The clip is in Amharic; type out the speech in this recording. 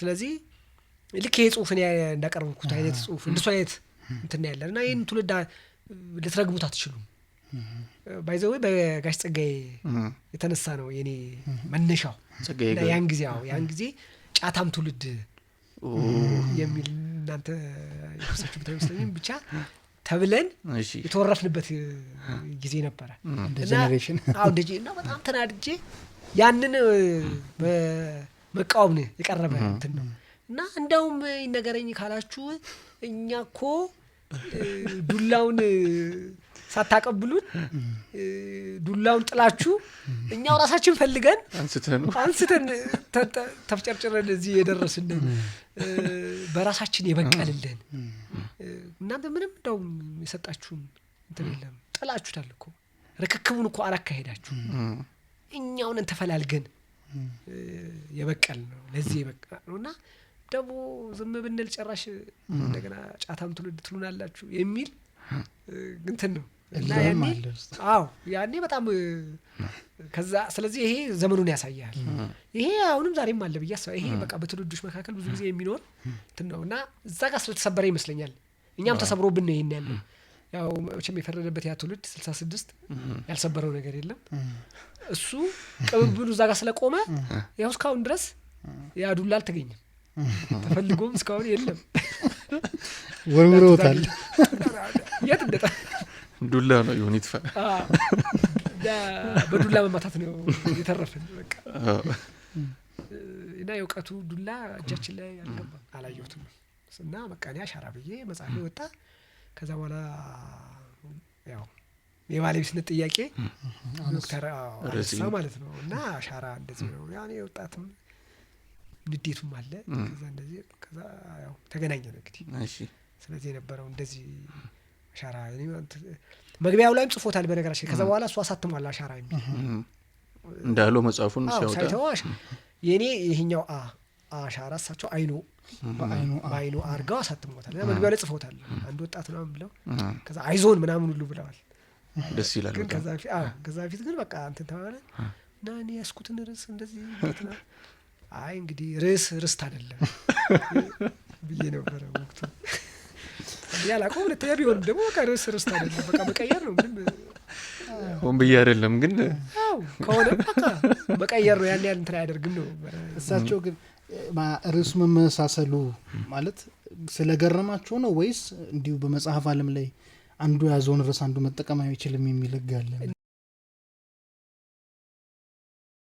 ስለዚህ ልክ ይሄ ጽሁፍ እንዳቀረብኩት አይነት ጽሁፍ እንደሱ አይነት እንትና ያለን እና ይህን ትውልድ ልትረግሙት አትችሉም። ባይዘዌ በጋሽ ጸጋዬ የተነሳ ነው የኔ መነሻው። ያን ጊዜ ው ያን ጊዜ ጫታም ትውልድ የሚል እናንተ የሰች የወሰችሁት አይመስለኝም ብቻ ተብለን የተወረፍንበት ጊዜ ነበረ እና በጣም ተናድጄ ያንን መቃወም የቀረበ እንትን ነው እና እንደውም ነገረኝ ካላችሁ እኛ እኮ ዱላውን ሳታቀብሉን ዱላውን ጥላችሁ እኛው ራሳችን ፈልገን አንስተን ተፍጨርጭረን እዚህ የደረስን በራሳችን የበቀልልን እናንተ ምንም እንደውም የሰጣችሁን እንትን የለም። ጥላችሁታል እኮ ርክክቡን እኮ አላካሄዳችሁ እኛውንን ተፈላልገን የበቀል ነው ለዚህ የበቀል ነው እና ደግሞ ዝም ብንል ጨራሽ እንደገና ጫታም ትውልድ ትሉናላችሁ የሚል እንትን ነው እና ያኔ አዎ ያኔ በጣም ከዛ ስለዚህ ይሄ ዘመኑን ያሳያል። ይሄ አሁንም ዛሬም አለ ብዬ አስባ ይሄ በቃ በትውልዶች መካከል ብዙ ጊዜ የሚኖር እንትን ነው እና እዛ ጋር ስለተሰበረ ይመስለኛል እኛም ተሰብሮብን ነው ይሄን ያለው ያው መቼም የፈረደበት ያ ትውልድ ስልሳ ስድስት ያልሰበረው ነገር የለም። እሱ ቅብብሉ እዛ ጋር ስለቆመ ያው እስካሁን ድረስ ያ ዱላ አልተገኘም፣ ተፈልጎም እስካሁን የለም። ወርውረውታል። የት እንደጠ ዱላ ነው ይሁን ይጥፋ፣ በዱላ መማታት ነው የተረፍን በቃ እና የእውቀቱ ዱላ እጃችን ላይ አልገባም፣ አላየሁትም እና በቃ እኔ አሻራ ብዬ መጽሐፌ ወጣ። ከዛ በኋላ ያው የባለቤትነት ጥያቄ ዶክተር አነሳ ማለት ነው እና አሻራ እንደዚህ ነው ያኔ ወጣትም ንዴቱም አለ። ከዛ እንደዚህ ከዛ ያው ተገናኘ ነው እንግዲህ ስለዚህ የነበረው እንደዚህ አሻራ መግቢያው ላይም ጽፎታል በነገራችን። ከዛ በኋላ እሱ አሳትሟል አሻራ የሚል እንዳለው መጽሐፉን ሲያወጣ የእኔ ይህኛው አሻራ እሳቸው አይኖ በአይኑ አርጋው አሳትሞታል። መግቢያው ላይ ጽፎታል። አንድ ወጣት ነው ብለው ከዛ አይዞን ምናምን ሁሉ ብለዋል። ደስ ይላል። ግን ከዛ ግን በቃ እንትን ተባለ እና እኔ ያስኩትን ርዕስ እንደዚህ አይ እንግዲህ ርዕስ ርስት አይደለም ብዬ ነበረ ወቅቱ ያላቆ ሁለተኛ ቢሆንም ደግሞ በቃ ርዕስ ርስት አይደለም በቃ መቀየር ነው ምንም ሆን ብዬ አይደለም ግን ከሆነ በቃ መቀየር ነው ያን ያል እንትን አያደርግም ነው እሳቸው ግን ርዕሱ መመሳሰሉ ማለት ስለገረማቸው ነው ወይስ እንዲሁ በመጽሐፍ አለም ላይ አንዱ የያዘውን ርዕስ አንዱ መጠቀም አይችልም የሚል ህግ